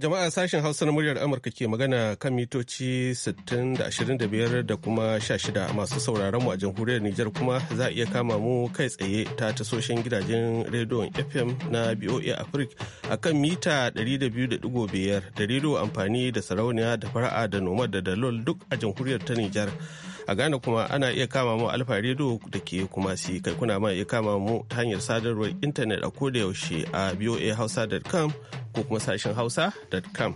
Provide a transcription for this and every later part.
Jama'a sashen Hausa na muryar Amurka ke magana kan mitoci 60 da kuma 16 masu sauraron mu a jamhuriyar Nijar kuma za a iya kama mu kai tsaye ta tasoshin gidajen rediyon FM na BOA Africa a kan mita 200.5 da rediyo amfani da sarauniya da fara'a da noma da dalol duk a jamhuriyar ta Nijar. A Ghana kuma ana iya kama mu alfa rediyo da ke kuma si kai kuna ma iya kama mu ta hanyar sadarwar intanet a koda yaushe a boahausa.com ko kuma sashen hausa.com.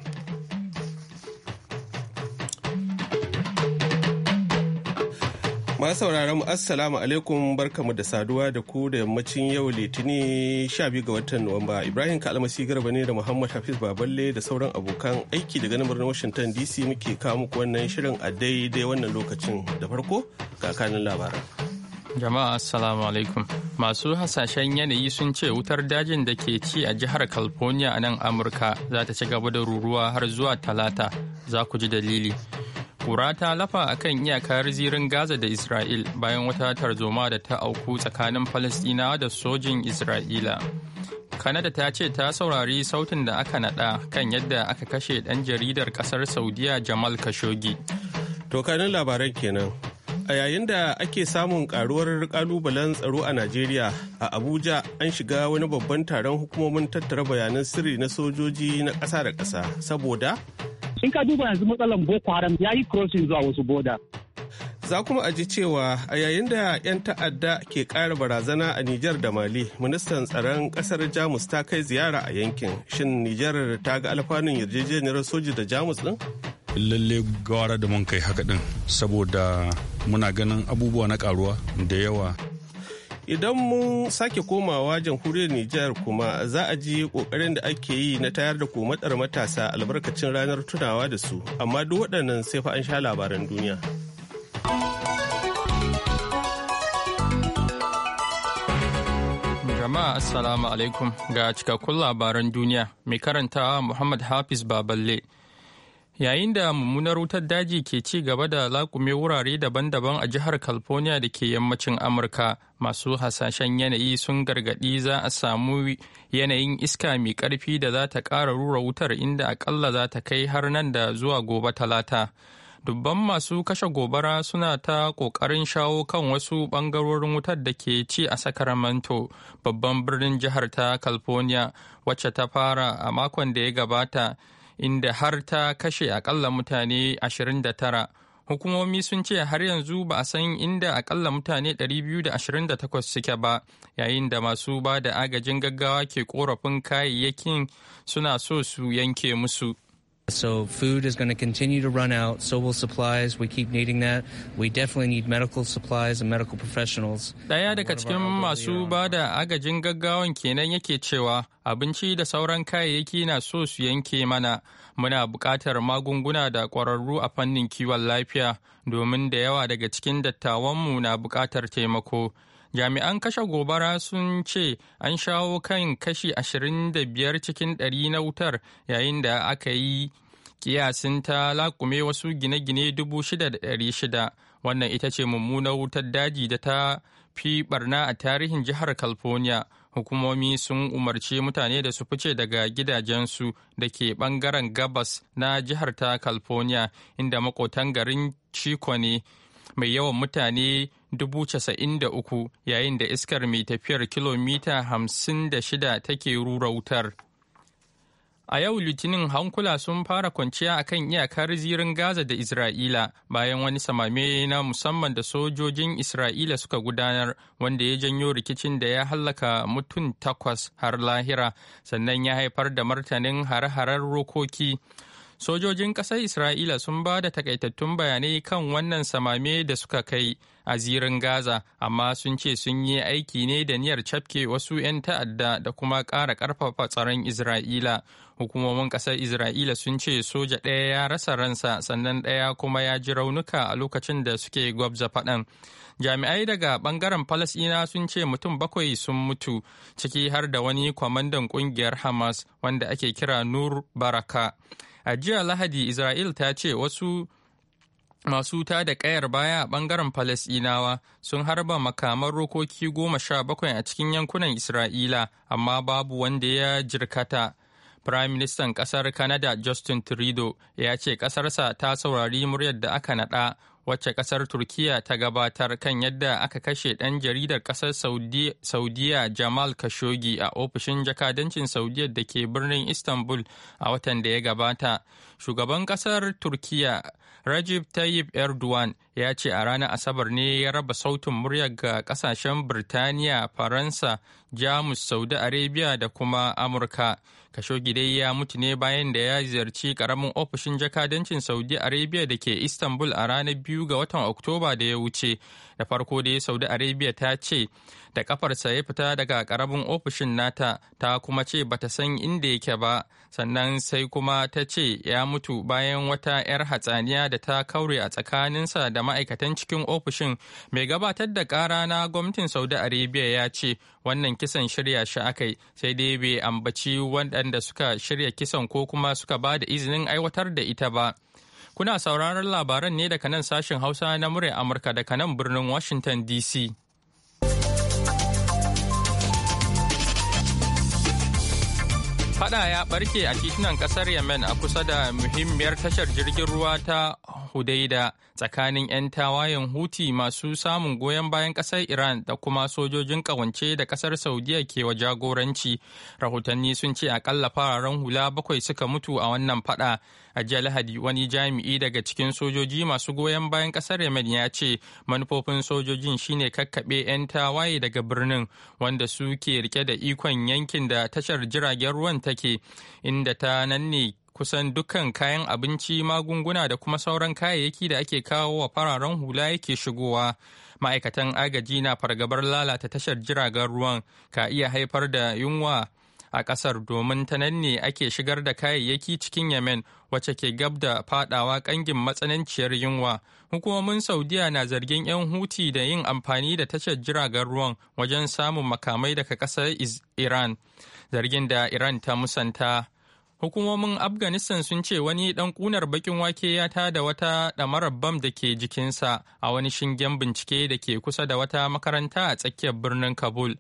Masu mu assalamu alaikum barkamu da saduwa da ku da yammacin yau litini 12 ga watan Nuwamba. Ibrahim Kalmasi Garba ne da Muhammad Hafiz Baballe da sauran abokan aiki daga nan birnin Washington DC muke kawo muku wannan shirin a daidai wannan lokacin da farko ga kanin labaran. Jama'a Assalamu alaikum. Masu hasashen yanayi sun ce wutar dajin da ke ci a jihar California a nan Amurka za ta ci gaba da ruruwa har zuwa talata za ku ji dalili. Kura ta lafa a kan iyakar zirin Gaza da Isra'il bayan wata tarzoma da ta auku tsakanin Falasɗinawa da sojin Isra'ila. Kanada ta ce ta saurari sautin da aka naɗa kan yadda aka kashe ɗan jaridar ƙasar Saudiya Jamal Khashoggi. To kanin labaran kenan. A yayin da ake samun karuwar kalubalen tsaro a Najeriya, a Abuja an shiga wani babban taron hukumomin tattara bayanan sirri na sojoji na ƙasa da ƙasa saboda in ka duba yanzu matsalan Boko Haram ya yi crossing zuwa wasu boda. Za kuma a ji cewa a yayin da 'yan ta'adda ke ƙara barazana a Nijar da Mali, ministan tsaron ƙasar Jamus ta kai ziyara a yankin. Shin Nijar ta ga alfanun yarjejeniyar soji da Jamus ɗin? Lalle gawara da mun kai haka ɗin saboda muna ganin abubuwa na karuwa da yawa idan mun sake komawa jamhuriyar Nijar kuma za a ji kokarin da ake yi na tayar da komatar matasa albarkacin ranar tunawa da su amma duk waɗannan sai fa an sha labaran duniya jama'a assalamu alaikum ga cikakkun labaran duniya mai karantawa muhammad hafiz baballe yayin da mummunar wutar daji ke ci gaba da laƙume wurare daban-daban a jihar california da ke yammacin amurka masu hasashen yanayi sun gargaɗi za a samu yanayin iska mai ƙarfi da za ta ƙara rura wutar inda aƙalla za ta kai har nan da zuwa gobe talata dubban masu kashe gobara suna ta ƙoƙarin shawo kan wasu ɓangarorin wutar da ke ci a sacramento babban birnin jihar ta california wacce ta fara a makon da ya gabata inda har ta kashe akalla mutane 29 hukumomi sun ce har yanzu ba a san inda akalla mutane 228 suke ba yayin da masu ba da agajin gaggawa ke korafin kayayyakin suna so su yanke musu So food is going to continue to run out. So will supplies. We keep needing that. We definitely need medical supplies and medical professionals. Daya daga cikin masu ba da agajin gaggawan kenan yake cewa abinci da sauran kayayyaki na so su yanke mana. Muna buƙatar magunguna da ƙwararru a fannin kiwon lafiya domin da yawa daga cikin dattawanmu na buƙatar taimako. jami'an kashe gobara sun ce an shawo kan kashi 25 cikin 100 na wutar yayin da aka yi kiyasin ta lakume wasu gine-gine 6,600 wannan ita ce mummunar wutar daji da ta fi barna a tarihin jihar california hukumomi sun umarci mutane da su fice daga gidajensu da ke bangaren gabas na jihar ta california inda makotan garin chico ne mai yawan mutane 93,000 yayin da iskar mai tafiyar kilomita 56 take rura wutar. A yau Litinin hankula sun fara kwanciya a kan iyakar zirin Gaza da Isra'ila bayan wani samame na musamman da sojojin Isra'ila suka gudanar wanda ya janyo rikicin da ya hallaka mutum takwas har lahira sannan ya haifar da martanin hare-haren rokoki. sojojin ƙasar isra'ila sun ba da takaitattun bayanai kan wannan samame da suka kai a zirin gaza amma sun ce sun yi aiki ne da niyyar cafke wasu 'yan ta'adda da kuma ƙara ƙarfafa tsaron isra'ila hukumomin ƙasar isra'ila sun ce soja ɗaya ya rasa ransa sannan ɗaya kuma ya ji raunuka a lokacin da suke gwabza faɗan jami'ai daga bangaren falasina sun ce mutum bakwai sun mutu ciki har da wani kwamandan ƙungiyar hamas wanda ake kira nur baraka a jiya lahadi isra'il ta ce wasu masu ta da kayar baya a bangaren falasinawa sun harba makaman rokoki goma sha bakwai a cikin yankunan isra'ila amma babu wanda ya jirkata prime Firaministan kasar Canada Justin Trudeau ya ce kasarsa ta saurari muryar da aka naɗa wacce kasar turkiya ta gabatar kan yadda aka kashe ɗan jaridar kasar saudiya jamal khashoggi a ofishin jakadancin saudiya da ke birnin istanbul a watan da ya gabata shugaban kasar turkiya rajib tayyip erdogan ya ce a ranar asabar ne ya raba sautin murya ga kasashen birtaniya faransa jamus saudi arabia da kuma amurka kashogi dai ya mutu ne bayan da ya ziyarci karamin ofishin jakadancin saudi arabia da ke istanbul a ranar biyu ga watan oktoba da ya wuce da farko dai saudi arabia ta ce da kafarsa ya fita daga karamin ofishin nata ta kuma ce bata san inda yake ba sannan sai kuma ta ce ya mutu bayan wata 'yar hatsaniya da ta kaure a tsakaninsa da ma'aikatan cikin ofishin mai gabatar da kara na gwamnatin saudi arabia ya ce wannan kisan shirya shi aka yi sai dai bai ambaci waɗanda suka shirya kisan ko kuma suka ba da izinin aiwatar da ita ba. Kuna sauraron labaran ne daga nan sashen Hausa na murya Amurka daga nan birnin Washington DC. Fada ya barke a titunan kasar Yemen a kusa da muhimmiyar tashar jirgin ruwa ta Hudaida tsakanin 'yan tawayen Huti masu samun goyon bayan kasar Iran da kuma sojojin kawance da kasar Saudiya ke wa jagoranci. Rahotanni sun ce akalla fararen hula bakwai suka mutu a wannan fada. A Lahadi wani jami'i daga cikin sojoji masu goyon bayan kasar Yemen ya ce manufofin sojojin shine kakkaɓe 'yan tawaye daga birnin wanda su ke rike da ikon yankin da tashar jiragen ruwan ta take inda ta nanne kusan dukkan kayan abinci magunguna da kuma sauran kayayyaki da ake kawo wa fararen hula yake shigowa ma'aikatan agaji na fargabar lalata tashar jiragen ruwan ka iya haifar da yunwa a kasar domin ta nan ne ake shigar da kayayyaki cikin yemen wacce ke gab da fadawa kangin matsananciyar yunwa hukumomin saudiya na zargin 'yan huti da yin amfani da tashar jiragen ruwan wajen samun makamai daga kasar iran zargin da Iran ta musanta. Hukumomin Afghanistan sun ce wani ɗan kunar bakin wake ya tada wata ɗamarar bam da ke jikinsa a wani shingen bincike da ke kusa da wata makaranta a tsakiyar birnin Kabul.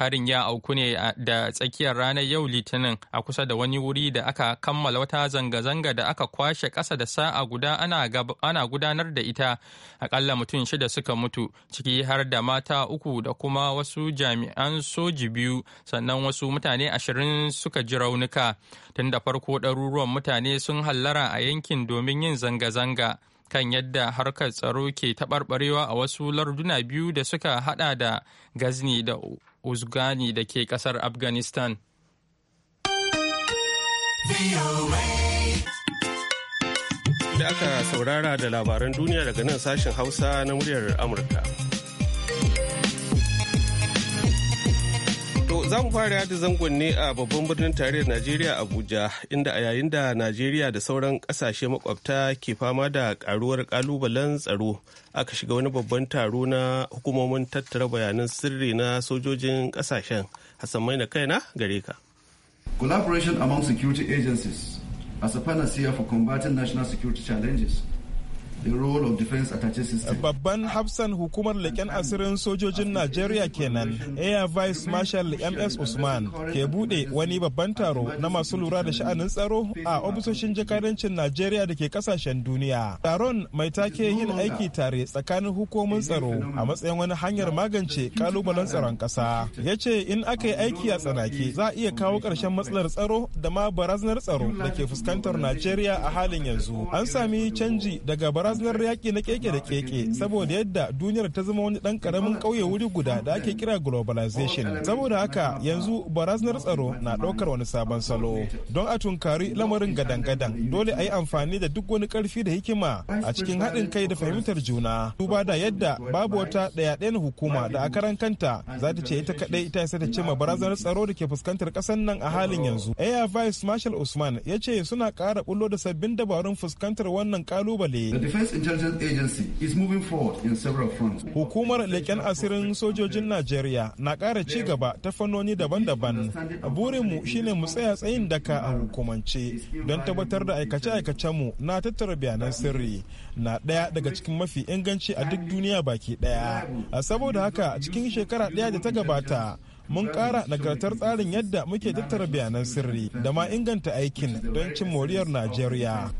Harin ya auku ne da tsakiyar ranar yau Litinin a kusa da wani wuri da aka kammala wata zanga-zanga da aka kwashe ƙasa da sa'a guda ana gudanar da ita. Akalla mutum shida suka mutu, ciki har da mata uku da kuma wasu jami'an soji biyu, sannan wasu mutane ashirin suka ji raunuka. Tun da farko ɗaruruwan mutane sun hallara a yankin domin yin zanga-zanga. kan yadda harkar tsaro ke taɓarɓarewa a wasu larduna biyu da suka hada da gazni da uzgani da ke kasar afghanistan da aka saurara da labaran duniya daga nan sashen hausa na muryar amurka za mu fara yada zangon ne a babban birnin tarayyar Najeriya Abuja inda a yayin da Najeriya da sauran kasashe makwabta ke fama da karuwar kalubalen tsaro aka shiga wani babban taro na hukumomin tattara bayanan sirri na sojojin kasashen Hassan Maina kaina gare ka. Collaboration among security agencies as a panacea for combating national security challenges Babban hafsan hukumar leƙen asirin sojojin Najeriya kenan, Air Vice Marshal MS Usman ke bude wani babban taro na masu lura da sha'anin tsaro a ofisoshin jakadancin Najeriya da ke kasashen duniya. Taron mai take yin aiki tare tsakanin hukumomin tsaro a matsayin wani hanyar magance kalubalen tsaron kasa Ya ce in aka yi aiki a tsanaki za a iya kawo ƙarshen matsalar tsaro da ma barazanar tsaro da ke fuskantar Najeriya a halin yanzu. An sami canji daga bara barazanar yaƙi na keke da keke saboda yadda duniyar ta zama wani ɗan ƙaramin ƙauye wuri guda da ake kira globalization. Saboda haka yanzu barazanar tsaro na ɗaukar wani sabon salo. Don a tunkari lamarin gadan-gadan dole a yi amfani da duk wani ƙarfi da hikima a cikin haɗin kai da fahimtar juna. Duba da yadda babu wata ɗaya ɗayan hukuma da a kanta za ta ce ita kaɗai ita ya ta ce ma barazanar tsaro da ke fuskantar ƙasar nan a halin yanzu. Air Vice Marshal Usman ya ce suna ƙara bullo da sabbin dabarun fuskantar wannan ƙalubale. Defense Intelligence Agency is moving forward in several fronts. Hukumar leken asirin sojojin Najeriya na ƙara ci gaba ta fannoni daban-daban. Burinmu shine mu tsaya tsayin daka a hukumance don tabbatar da aikace-aikacenmu na tattara bayanan sirri na ɗaya daga cikin mafi inganci a duk duniya baki ɗaya. Saboda haka cikin shekara ɗaya da ta gabata mun ƙara nagartar tsarin yadda muke tattara bayanan sirri da ma inganta aikin don cin moriyar Najeriya.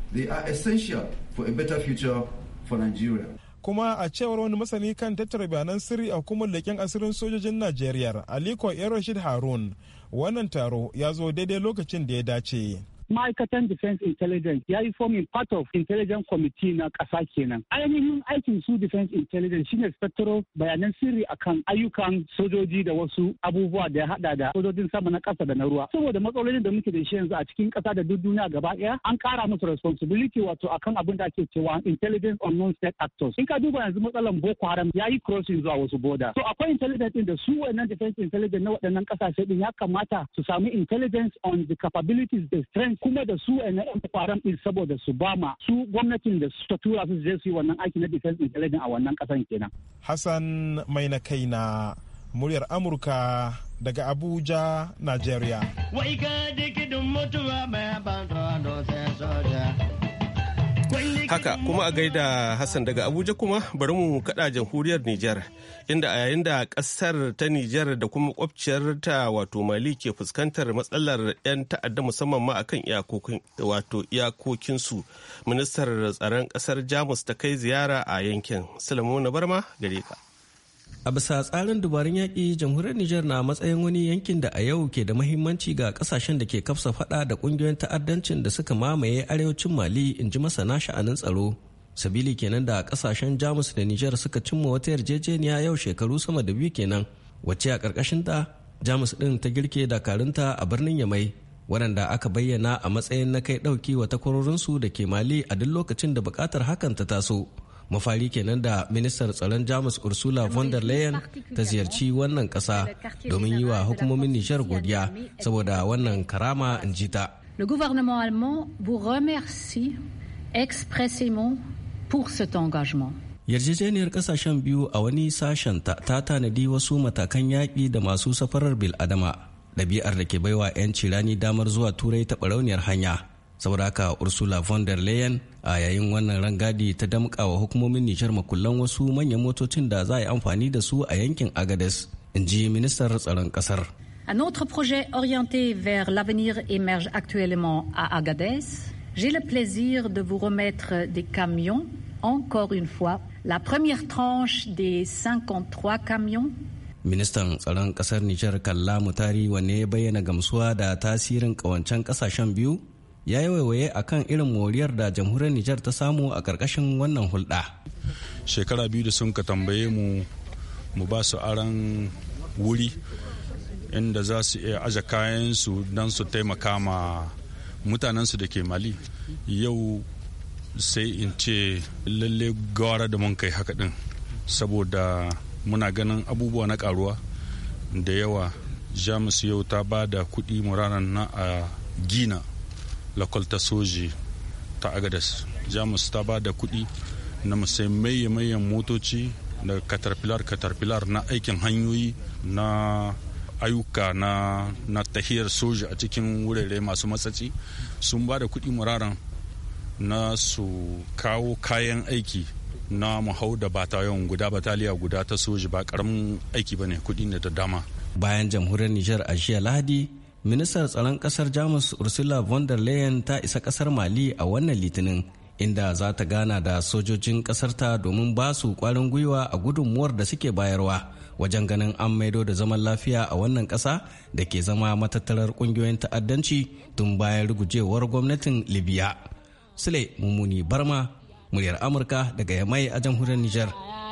Kuma a cewar wani masani kan tattara bayanan sirri a hukumar leƙen asirin sojojin Najeriya, Aliko Rashid Harun, wannan taro ya zo daidai lokacin da ya dace. ma'aikatan defense intelligence ya yi forming part of intelligence committee na ƙasa kenan ainihin aikin su defense intelligence shine tattaro bayanan sirri akan ayyukan sojoji da wasu abubuwa da ya hada da sojojin sama na ƙasa da na ruwa saboda matsalolin da muke da shi yanzu a cikin ƙasa da duk duniya gaba ɗaya an ƙara musu responsibility wato akan abin da ake cewa intelligence on non-state actors in ka duba yanzu matsalan boko haram ya yi crossing zuwa wasu boda to akwai intelligence din da su wannan defense intelligence na waɗannan ƙasashe din ya kamata su samu intelligence on the capabilities da strength kuma da su na yan kwaran din saboda su ba ma su gwamnatin da su tura su je su yi wannan aiki na defense intelligence a wannan kasan kenan Hassan mai na kai na muryar Amurka daga Abuja Nigeria Wai ka dikidin mutuwa mai ban soja Haka kuma a gaida Hassan daga Abuja kuma bari mu kada jamhuriyar Nijar inda a yayin da kasar ta Nijar da kuma kwabciyar ta wato Mali ke fuskantar matsalar 'yan ta'adda musamman ma akan iyakokin wato iyakokin su ministar tsaron kasar Jamus ta kai ziyara a yankin. Sulaimu na Barma gare ka. A bisa tsarin dubarun yaƙi, jamhuriyar Nijar na matsayin wani yankin da a yau ke da mahimmanci ga kasashen da ke kafsa faɗa da ƙungiyoyin ta'addancin da suka mamaye arewacin Mali in ji masana sha'anin tsaro. Sabili kenan da ƙasashen Jamus da Nijar suka cimma wata yarjejeniya yau shekaru sama da biyu kenan, wacce a ta Jamus ɗin ta girke dakarunta a birnin Yamai, waɗanda aka bayyana a matsayin na kai ɗauki wa takwarorinsu da ke Mali a duk lokacin da buƙatar hakan ta taso. mafari kenan da ministar tsaron jamus ursula von der leyen ta ziyarci wannan kasa domin yi wa hukumomin nishar godiya saboda wannan karama in ji ta Le gouvernement allemand yarjejeniyar kasashen biyu a wani sashen ta tanadi wasu matakan yaƙi da masu safarar biladama ɗabi'ar da ke baiwa 'yan cirani damar zuwa turai ta barauniyar hanya saboda haka ursula von der leyen a yayin wannan rangadi ta damƙa wa hukumomin nijar makullan wasu manyan motocin da za a yi amfani da su a yankin agades in ji ministar tsaron ƙasar Un autre projet orienté vers l'avenir émerge actuellement à Agadez. J'ai le plaisir de vous remettre des camions, encore une fois, la première tranche des 53 camions ministan tsaron kasar nijar kalla mutari Wane ya bayyana gamsuwa da tasirin kawancen kasashen biyu ya yi waiwaye a kan irin moriyar da jamhuriyar Nijar ta samu a ƙarƙashin wannan hulɗa. Shekara biyu da sun ka tambaye mu mu ba su aran wuri inda za su iya aje kayansu don su taimaka ma mutanensu da ke Mali. Yau sai in ce lalle gawara da mun kai haka ɗin saboda muna ganin abubuwa na karuwa da yawa jamus yau ta ba da kuɗi muranan na a gina lakwal soji ta agadas jamus ta ba da kuɗi na musai maye motoci da katarfilar katarfilar na aikin hanyoyi na ayyuka na, na tahiyar soji a cikin wurare masu matsatsi sun ba da kuɗi muraran na su kawo kayan aiki na hau da batayon guda bataliya guda ta soji ba karamin aiki ba ne kuɗi ne da dama bayan jamhuriyar nijar a jiya lahadi ministar tsaron kasar jamus ursula von der leyen ta isa kasar mali a wannan litinin inda za ta gana da sojojin kasarta domin ba su kwarin gwiwa a gudunmuwar da suke bayarwa wajen ganin an maido da zaman lafiya a wannan kasa da ke zama matattarar kungiyoyin ta'addanci tun bayan rugujewar gwamnatin libya sule mummuni barma muryar amurka daga yamai a jamhuriyar niger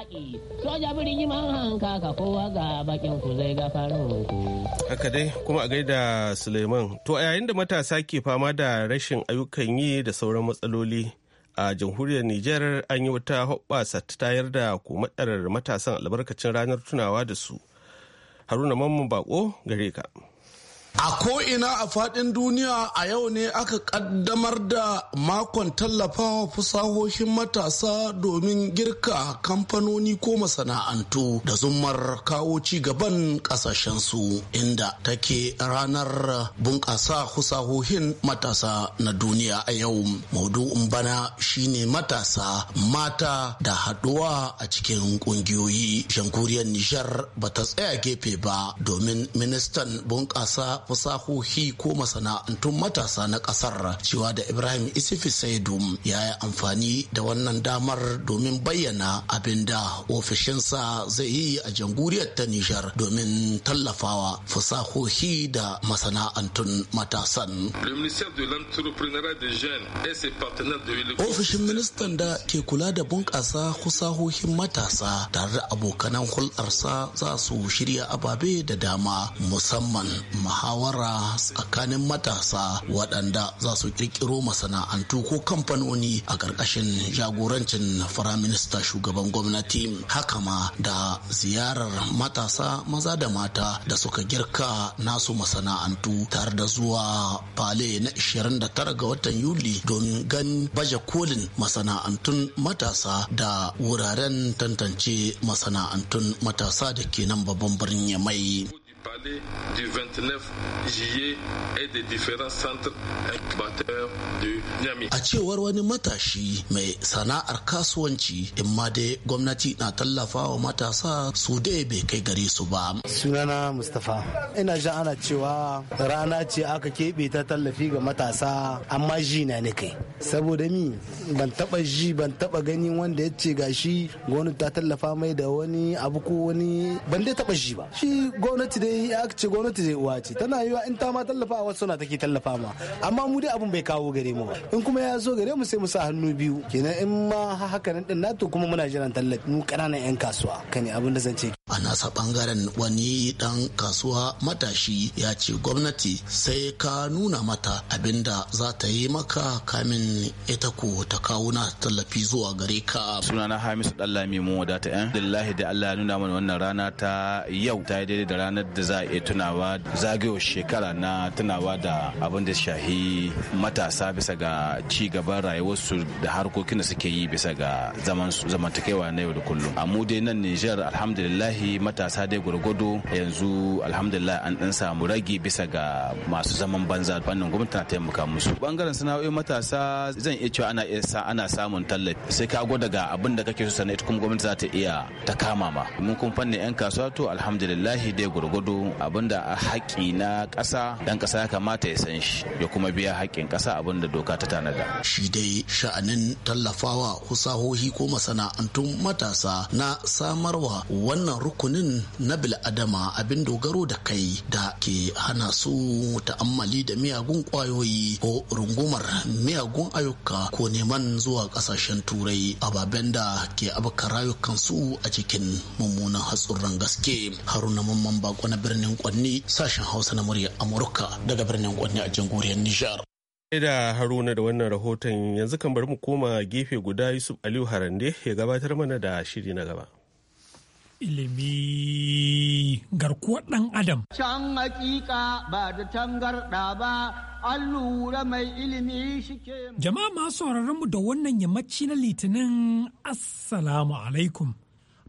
yaƙi soja birni man hanka ka kowa ga bakin ku zai ku. Haka dai kuma a gaida Suleiman to a yayin da matasa ke fama da rashin ayyukan yi da sauran matsaloli a jamhuriyar Nijar an yi wata hoɓɓasa ta tayar da komatar matasan albarkacin ranar tunawa da su. Haruna Mamman Bako gare ka. A ko'ina a faɗin duniya a yau ne aka ƙaddamar da makon tallafawa fasahohin matasa domin girka kamfanoni ko masana'antu da zumar kawo ci gaban ƙasashensu inda take ranar bunƙasa fasahohin matasa na duniya a yau. Maudu'in bana shine matasa mata da haɗuwa a cikin ƙungiyoyi. Shankuriyar Nijar ba ta tsaya gefe ba domin ministan bunƙasa fasahohi ko masana'antun matasa na kasar cewa da ibrahim isifi saidu ya yi amfani da wannan damar domin bayyana abin da ofishinsa zai yi a janguriyar ta nijar domin tallafawa fasahohi da masana'antun matasan ofishin ministan da ke kula da bunƙasa fasahohin matasa tare da abokanan hulɗarsa za su shirya ababe da dama musamman maha muhawara tsakanin matasa waɗanda za su ƙirƙiro masana'antu ko kamfanoni a ƙarƙashin jagorancin firaminista shugaban gwamnati haka ma da ziyarar matasa maza da mata da suka girka nasu masana'antu tare da zuwa fale na 29 ga watan yuli don gan baje kolin masana'antun matasa da wuraren tantance masana'antun matasa da ke nan babban birnin yamai parlé du 29 juillet et des différents centres incubateurs de Niamey. A cewar wani matashi mai sana'ar kasuwanci in ma dai gwamnati na tallafa wa matasa su dai bai kai gare su ba. Sunana Mustapha. Ina jan ana cewa rana ce aka keɓe ta tallafi ga matasa amma ji na ne kai. Saboda mi ban taba ji ban taba gani wanda ya ce gashi gwamnati ta tallafa mai da wani abu ko wani ban dai taba ji ba. Shi gwamnati dai ainihi aka ce gwamnati zai uwa ce tana yiwa in ta ma tallafa a wasu take tallafa ma amma mu dai abun bai kawo gare mu in kuma ya zo gare mu sai mu sa hannu biyu kenan in ma haka nan din nato kuma muna jiran tallafi mu kananan yan kasuwa kani abin da zan ce a nasa bangaren wani dan kasuwa matashi ya ce gwamnati sai ka nuna mata abinda za ta yi maka kamin ita ko ta kawo na tallafi zuwa gare ka sunana hamisu dallami mu wadata yan lillahi da allah nuna mana wannan rana ta yau ta yi daidai da ranar yadda za a iya tunawa zagayowar shekara na tunawa da abin da shahi matasa bisa ga ci gaban rayuwarsu da harkokin da suke yi bisa ga zamantakewa na yau da kullum a mu dai nan nijar alhamdulillahi matasa dai gurgudu yanzu alhamdulillah an dan samu ragi bisa ga masu zaman banza fannin gwamnati na taimaka musu bangaren sana'o'i matasa zan iya cewa ana isa ana samun tallafi sai ka gwada ga abin da kake so sana'o'i kuma gwamnati za ta iya ta kama ma mun kuma fanni yan kasuwa to alhamdulillah dai gurgudu gudu abinda a haƙƙi na ƙasa dan ƙasa ya kamata ya san shi ya kuma biya haƙƙin ƙasa abinda doka ta tanada. Shi dai sha'anin tallafawa husahohi ko masana'antun matasa na samarwa wannan rukunin na bil'adama abin dogaro da kai da ke hana su ta'ammali da miyagun ƙwayoyi ko rungumar miyagun ayyuka ko neman zuwa ƙasashen turai ababen da ke rayukan rayukansu a cikin mummunan hatsurran gaske haruna mamman bako na birnin Kwanni sashen Hausa na murya Amurka daga birnin Kwanni a jamhuriyar Nijar. da haruna da wannan rahoton yanzu kan bari mu koma gefe guda yusuf aliyu harande ya gabatar mana da shiri na gaba ilimi garkuwar ɗan adam can hakika ba da tangarɗa ba an lura mai ilimi shi ke jama'a masu mu da wannan yammaci na litinin assalamu alaikum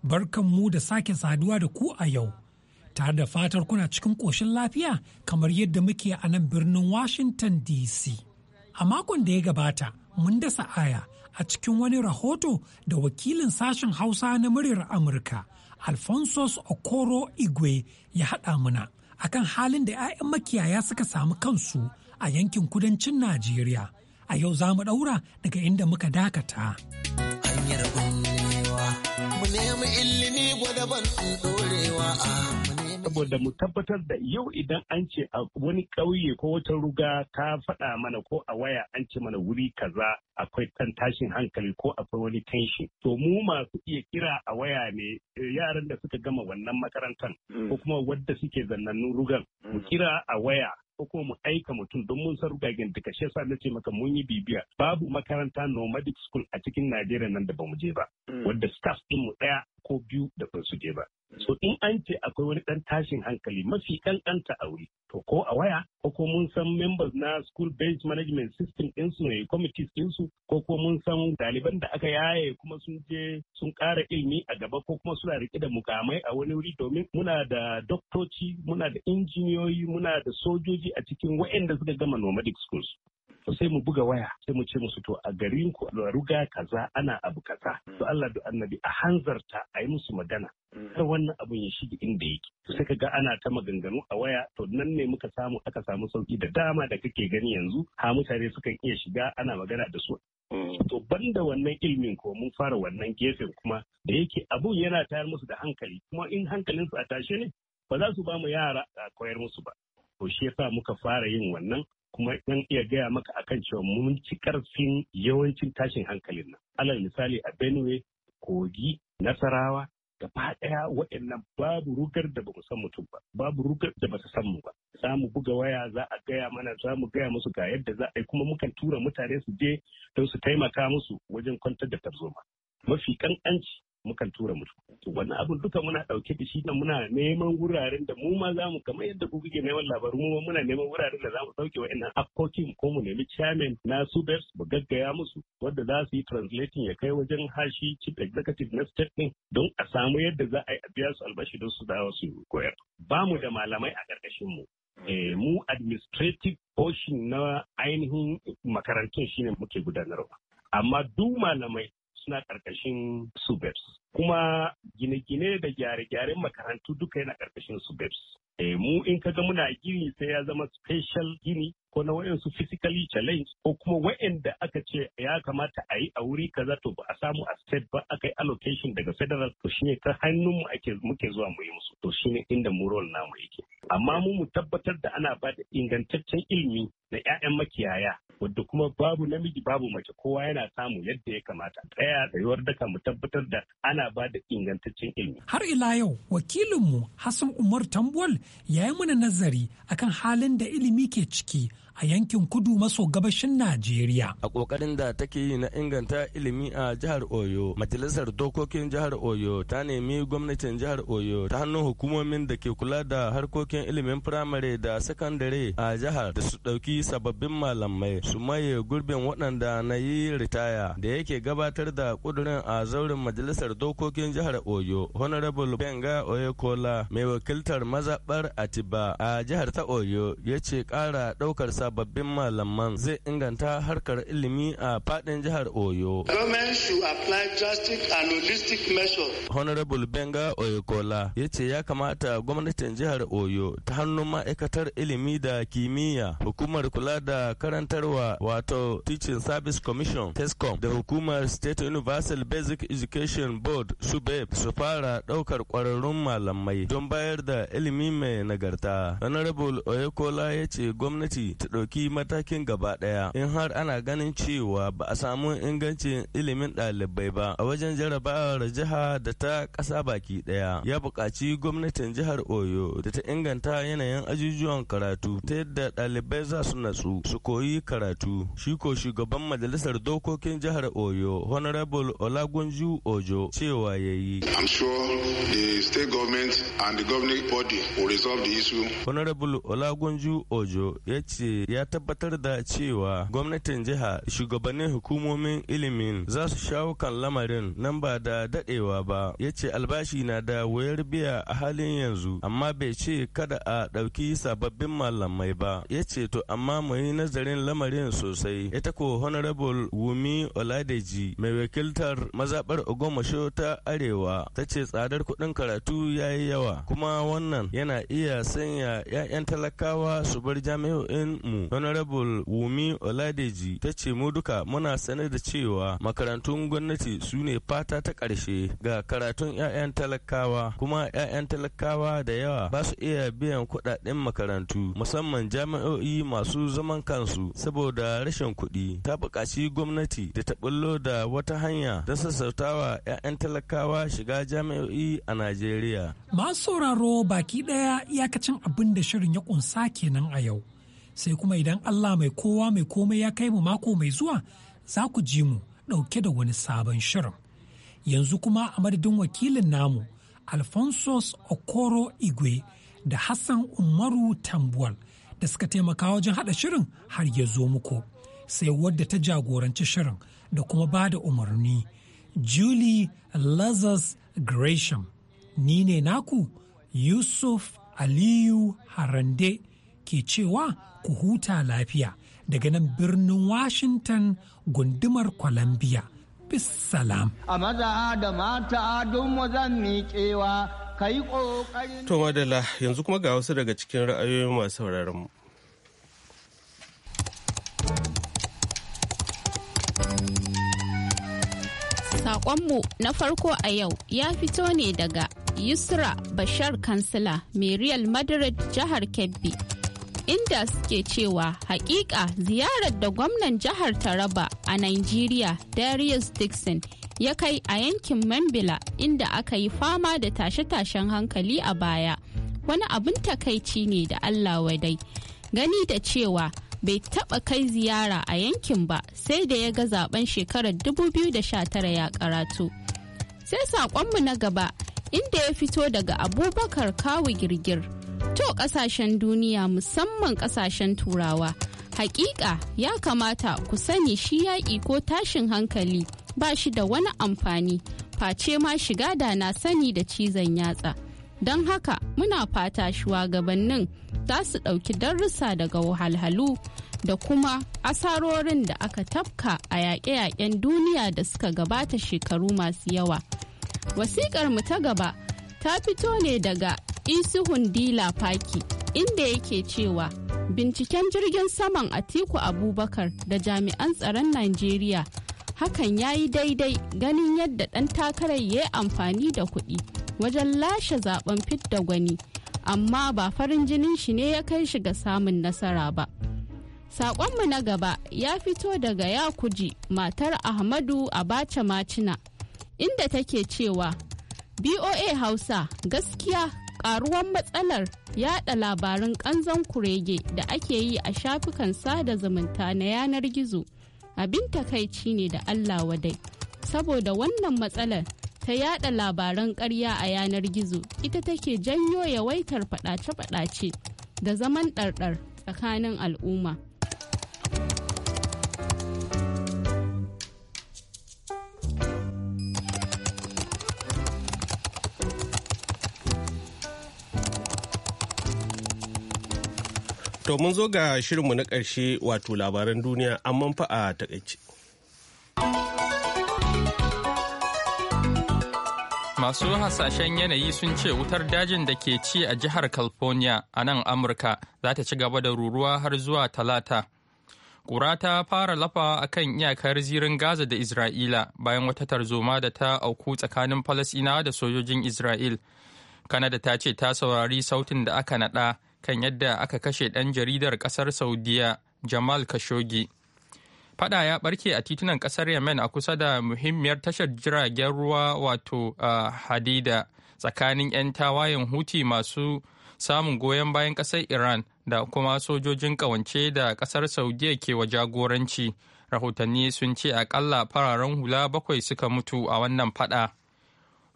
barkan mu da sake saduwa da ku a yau tare da fatar kuna cikin ƙoshin lafiya kamar yadda muke a nan birnin Washington DC. A makon da ya gabata, mun dasa aya a cikin wani rahoto da wakilin sashen Hausa na muryar Amurka, alfonso Okoro Igwe ya haɗa muna akan halin da 'ya'yan makiyaya suka samu kansu a yankin kudancin Najeriya. A yau za mu ɗaura daga inda muka dakata. Hanyar mu ilimi gwada ban ɗorewa a saboda mu tabbatar da yau idan an ce a wani ƙauye ko wata ruga ta faɗa mana ko a waya an ce mana wuri kaza akwai ɗan tashin hankali ko akwai wani tenshi to mu masu iya kira a waya ne eh, yaran da suka gama wannan makarantar mm. ko kuma wadda suke zannannun rugan mu mm. kira a waya ko kuma mu aika mutum don mun san rugagen duka shi yasa ce maka mun yi bibiya babu makaranta nomadic school a cikin Najeriya nan da ba mu je ba mm. Wadda staff din mu daya ko biyu da ba su je ba. So in an ce akwai wani ɗan tashin hankali mafi ƙanƙanta a wuri, to ko a waya, ko ko mun san members na school based management system ɗinsu ne committees ɗinsu, ko ko mun san ɗaliban da aka yaye kuma sun je sun ƙara ilimi a gaba ko kuma suna riƙe da mukamai a wani wuri domin muna da doktoci, muna da injiniyoyi, muna da sojoji a cikin waɗanda suka gama nomadic schools. to sai mu buga waya sai mu ce musu to a garin ku ruga kaza ana abu kaza mm. to Allah da annabi a hanzarta ayi musu magana mm. kar wannan abun ya shige inda yake to sai ga ana ta maganganu a waya to nan ne muka samu aka samu sauki da dama da kake gani yanzu ha mutane sukan iya shiga ana magana da su mm. to banda wannan ilimin ko mun fara wannan gefen kuma da yake abun yana tayar musu da hankali kuma in hankalinsu a tashe ne ba za su ba mu yara a koyar musu ba to shi yasa muka fara yin wannan kuma zan iya gaya maka akan cewa mun ci ƙarfin yawancin tashin hankalin nan alal misali a benue kogi nasarawa gaba faɗaya waɗannan babu rugar da ba san mutum ba babu rugar da ba su san mu ba za mu buga waya za a gaya mana za mu gaya musu ga yadda za a yi kuma mukan tura mutane su je don su taimaka musu wajen kwantar da tarzoma mafi ƙanƙanci mukan tura mutu to wannan abin duka muna ɗauke da shi da muna neman wuraren da mu ma za mu kamar yadda ku kuke neman labaru mu muna neman wuraren da zamu dauke wa'annan hakkokin ko mu nemi chairman na subes mu gaggaya musu wadda za su yi translating ya kai wajen hashi chief executive na state din don a samu yadda za a yi a biya su albashi don su dawo su koyar ba mu da malamai a ƙarƙashin mu eh, mu administrative portion na ainihin makarantun shine muke gudanarwa amma duk malamai suna ƙarƙashin subebs kuma gine-gine da gyare-gyaren makarantu duka yana ƙarƙashin subebs eh, mu in ka ga muna gini sai ya zama special gini ko na wayansu physically challenge ko kuma wayanda aka ce ya kamata a yi a wuri kaza to ba a samu a state ba aka yi allocation daga federal to shine ta hannun mu ake muke zuwa mu yi musu to shine inda mu role namu yake amma mu mu tabbatar da ana ba da ingantaccen ilimi na 'ya'yan makiyaya wadda kuma babu namiji babu mace kowa yana samu yadda ya kamata tsaya tsayuwar daka mu tabbatar da ana ba da ingantaccen ilimi har ila yau wakilinmu hassan umar tambol ya yi mana nazari akan halin da ilimi ke ciki a yankin kudu maso gabashin Najeriya. A ƙoƙarin da take yi na inganta ilimi a jihar Oyo, Majalisar Dokokin jihar Oyo ta nemi gwamnatin jihar Oyo ta hannun hukumomin da ke kula da harkokin ilimin firamare da sakandare a jihar da su ɗauki sababbin malamai su maye gurbin waɗanda na yi ritaya da yake gabatar da kudurin a zaurin Majalisar Dokokin jihar Oyo, Honorable Benga Oyekola mai wakiltar mazaɓar Atiba a jihar ta Oyo ya ce ƙara ɗaukar sa. sababbin malaman zai inganta harkar ilimi a fadin jihar Oyo. Honorable Benga Oyekola ya ce ya kamata gwamnatin jihar Oyo ta hannun ma'aikatar ilimi da kimiyya hukumar kula da karantarwa wato Teaching Service Commission TESCOM da hukumar State Universal Basic Education Board SUBEB su fara daukar kwararrun malamai don bayar da ilimi mai nagarta. Honorable Oyekola ya ce gwamnati ɗauki matakin gaba ɗaya in har ana ganin cewa ba a samu ingancin ilimin ɗalibai ba a wajen jarabawar jiha da ta ƙasa baki ɗaya ya buƙaci gwamnatin jihar oyo da ta inganta yanayin ajujuwan karatu ta yadda ɗalibai za su natsu su koyi karatu shi ko shugaban majalisar dokokin jihar oyo honorable olagunju ojo cewa ya yi honorable olagunju ojo ya ce ya tabbatar da cewa gwamnatin jiha shugabannin hukumomin ilimin za su shawo kan lamarin nan ba da dadewa ba ya ce albashi na da wayar biya a halin yanzu amma bai ce kada a ɗauki sababbin malamai ba ya ce to amma mu yi nazarin lamarin sosai ita ko honorable wumi oladeji mai wakiltar mazaɓar ogomasho ta arewa ta ce tsadar kuɗin karatu ya yi yawa kuma wannan yana iya sanya 'ya'yan talakawa su bar jami'o'in mu honorable wumi oladeji ta ce mu duka muna sanar da cewa makarantun gwamnati su ne fata ta ƙarshe ga karatun 'ya'yan talakawa kuma 'ya'yan talakawa da yawa ba su iya biyan kuɗaɗen makarantu musamman jami'o'i masu zaman kansu saboda rashin kuɗi ta buƙaci gwamnati da ta bullo da wata hanya don sassautawa 'ya'yan talakawa shiga jami'o'i a najeriya masu sauraro baki ɗaya iyakacin abin da shirin ya ƙunsa kenan a yau sai kuma idan Allah mai kowa mai komai ya kai mu mako mai zuwa za ku ji mu ɗauke da wani sabon shirin. Yanzu kuma a madadin wakilin namu Alphonsus Okoro Igwe da Hassan Umaru Tambuwal da suka taimaka wajen haɗa shirin har ya zo muku. Sai wadda ta jagoranci shirin da kuma ba da umarni. Julie Lazarus Gresham, ni ne naku Yusuf Aliyu Harande. ke cewa ku huta lafiya daga nan birnin Washington gundumar Columbia. Bis A maza da mata don zan miƙewa yi ƙoƙarin. To madala yanzu kuma ga wasu daga cikin ra'ayoyin masu sauraron mu. saƙonmu na farko a yau ya fito ne daga Yusra Bashar Kansila, Meriyal Madrid, Jihar Kebbi. inda suke cewa hakika ziyarar da gwamnan jihar Taraba a Nigeria Darius Dixon ya kai a yankin Mambila inda aka yi fama da tashe-tashen hankali a baya wani abin takaici ne da Allah wadai gani da cewa bai taba kai ziyara a yankin ba sai da ya ga zaben shekarar 2019 ya karatu sai saƙonmu na gaba inda ya fito daga abubakar kawu girgir To kasashen duniya musamman ƙasashen turawa. Hakika ya kamata ku sani shi yaƙi ko tashin hankali ba shi da wani amfani face ma shiga da na sani da cizon yatsa. Don haka muna fata shugabannin za su ɗauki darussa daga wahalhalu da kuma asarorin da aka tafka a yaƙe-yaƙen duniya da suka gabata shekaru masu yawa. Wasiƙar mu ta gaba ta fito ne daga isihun dila faki inda yake cewa binciken jirgin saman atiku abubakar da jami'an tsaron najeriya hakan ya yi daidai ganin yadda ɗan takarar ya yi amfani da kuɗi wajen lashe zaben fidda gwani amma ba farin jinin shi ne ya kai shi ga samun nasara ba Saƙonmu na gaba ya fito daga Ya-kuji matar ahmadu abacha macina inda take cewa BOA Hausa gaskiya karuwan matsalar yaɗa labarin kanzon kurege da ake yi a shafukan sada zumunta na yanar gizo abin takaici ne da Allah wadai saboda wannan matsalar ta yaɗa labaran ƙarya a yanar gizo ita take janyo yawaitar fadace-fadace da zaman ɗarɗar tsakanin al'umma. To mun zo ga shirinmu na ƙarshe wato labaran duniya amma fa a takaice. Masu hasashen yanayi sun ce wutar dajin da ke ci a jihar California a nan Amurka za ta ci gaba da ruruwa har zuwa talata. Ƙura ta fara lafa a kan iyakar zirin Gaza da Isra'ila bayan wata tarzoma da ta auku tsakanin Falasina da sojojin Isra'il. Kanada ta ce ta saurari sautin da aka naɗa. kan yadda aka kashe ɗan jaridar ƙasar saudiya jamal khashoggi fada ya ɓarke a titunan ƙasar yemen a kusa da muhimmiyar tashar jiragen ruwa wato hadida tsakanin 'yan tawayen huti masu samun goyon bayan ƙasar iran da kuma sojojin ƙawance da ƙasar saudiya ke wa jagoranci rahotanni sun ce akalla fararen hula bakwai suka mutu a wannan fada.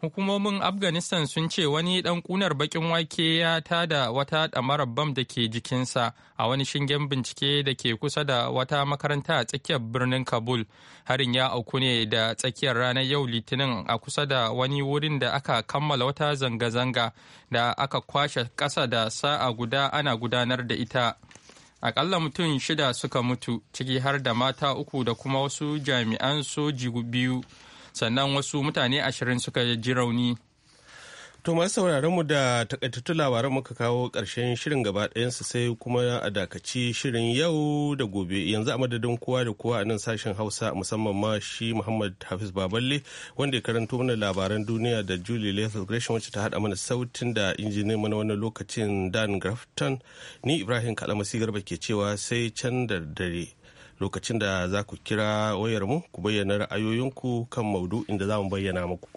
hukumomin afghanistan sun ce wani dan kunar bakin wake ya tada wata damarar bam da ke jikinsa a wani shingen bincike da ke kusa da wata makaranta a tsakiyar birnin kabul harin ya auku ne da tsakiyar ranar yau litinin a kusa da wani wurin da aka kammala wata zanga-zanga da aka kwashe kasa da sa'a guda ana gudanar da ita akalla mutum shida suka mutu ciki har da mata uku da kuma wasu jami'an soji biyu sannan wasu mutane ashirin suka ji rauni To masu sauraron mu da takaitattu labaran muka kawo ƙarshen shirin gaba ɗayansu sai kuma a dakaci shirin yau da gobe yanzu a madadin kowa da kowa a nan sashen Hausa musamman ma shi Muhammad Hafiz Baballe wanda ya karanto mana labaran duniya da Julie Lethal Gresham wacce ta haɗa mana sautin da injiniyan mana wannan lokacin Dan Grafton ni Ibrahim Kalamasi Garba ke cewa sai can da dare. lokacin da za ku kira wayarmu ku bayyana ra'ayoyinku kan maudu'in da za mu bayyana muku.